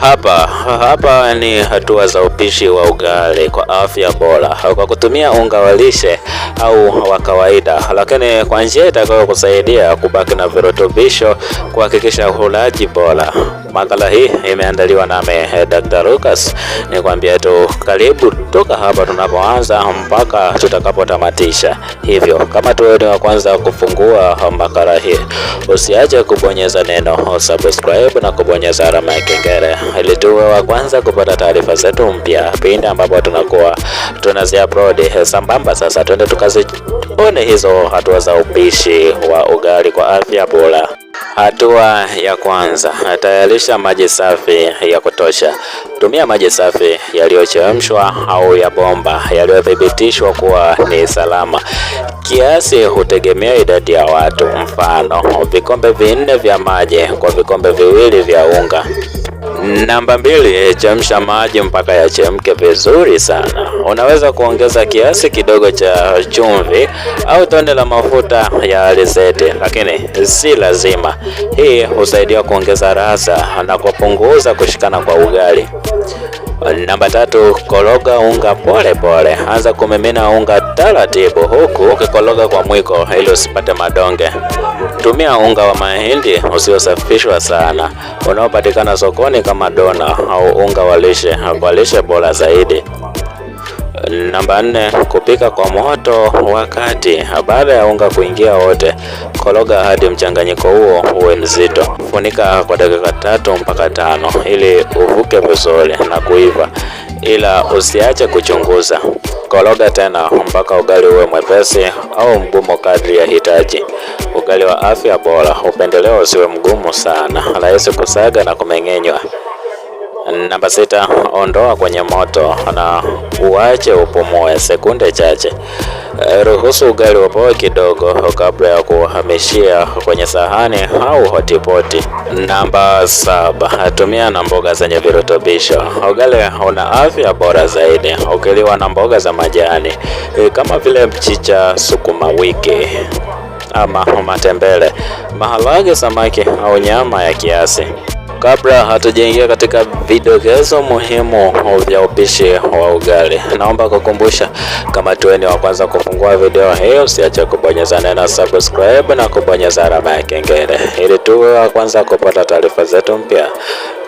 Hapa hapa ni hatua za upishi wa ugali kwa afya bora kwa kutumia unga wa lishe au wa kawaida, lakini kwa njia itakayo kusaidia kubaki na virutubisho, kuhakikisha ulaji bora. Makala hii imeandaliwa nami eh, Dr. Lucas, kwambia tu karibu toka hapa tunapoanza mpaka tutakapotamatisha. Hivyo kama tuwe ni wa kwanza kufungua makala hii, usiache kubonyeza neno subscribe na kubonyeza alama ya kengele ili tuwe wa kwanza kupata taarifa zetu mpya pindi ambapo tunakuwa tunazi upload. Eh, sambamba sasa, twende tukazione hizo hatua za upishi wa ugali kwa afya bora. Hatua ya kwanza, tayarisha maji safi ya kutosha. Tumia maji safi yaliyochemshwa au ya bomba yaliyothibitishwa kuwa ni salama. Kiasi hutegemea idadi ya watu, mfano vikombe vinne vya maji kwa vikombe viwili vya unga. Namba mbili, chemsha maji mpaka yachemke vizuri sana. Unaweza kuongeza kiasi kidogo cha chumvi au tone la mafuta ya alizeti, lakini si lazima. Hii husaidia kuongeza rasa na kupunguza kushikana kwa ugali. Namba tatu, koroga unga pole pole. Anza kumimina unga taratibu, huku ukikoroga kwa mwiko ili usipate madonge. Tumia unga wa mahindi usiosafishwa sana unaopatikana sokoni kama dona au unga wa lishe kwa lishe bora zaidi. Namba nne, kupika kwa moto wa kati. Baada ya unga kuingia wote, koroga hadi mchanganyiko huo uwe mzito. Funika kwa dakika tatu mpaka tano ili uvuke vizuri na kuiva, ila usiache kuchunguza. Koroga tena mpaka ugali uwe mwepesi au mgumu kadri ya hitaji. Ugali wa afya bora upendeleo usiwe mgumu sana, rahisi kusaga na kumeng'enywa. Namba sita, ondoa kwenye moto na uache upumue sekunde chache. Ruhusu ugali upoe kidogo kabla ya kuhamishia kwenye sahani au hotipoti. Namba saba, tumia na mboga zenye virutubisho. Ugali una afya bora zaidi ukiliwa na mboga za majani e, kama vile mchicha, sukuma wiki ama matembele, maharage, samaki au nyama ya kiasi. Kabla hatujaingia katika vidokezo muhimu vya upishi wa ugali, naomba kukumbusha, kama ni wa kwanza kufungua video hii, usiache kubonyeza neno subscribe na kubonyeza alama ya kengele ili tuwe wa kwanza kupata taarifa zetu mpya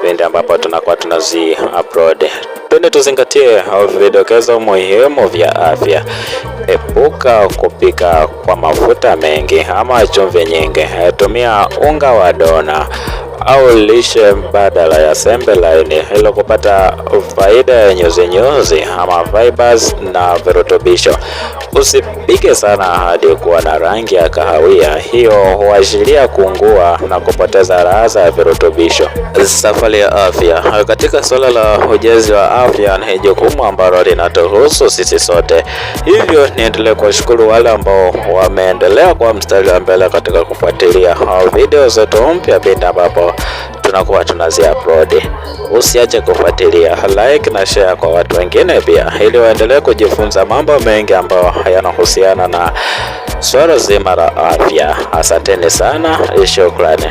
pindi ambapo tunakuwa tunazi upload. Twende tuzingatie vidokezo muhimu vya afya. Epuka kupika kwa mafuta mengi ama chumvi nyingi. Tumia unga wa dona au lishe mbadala ya sembe laini ili kupata faida ya nyuzinyuzi ama fibers na virutubisho. Usipike sana hadi kuwa na rangi ya kahawia, hiyo huashiria kuungua na kupoteza ladha ya virutubisho. Safari ya afya. Katika suala la ujenzi wa afya, ni jukumu ambalo linatuhusu sisi sote, hivyo niendelee kuwashukuru wale ambao wameendelea kwa mstari wa mbele katika kufuatilia video zetu mpya pindi ambapo tunakuwa tunazi upload. Usiache kufuatilia, like na share kwa watu wengine pia, ili waendelee kujifunza mambo mengi ambayo yanahusiana na swala zima la afya. Asanteni sana, shukrani.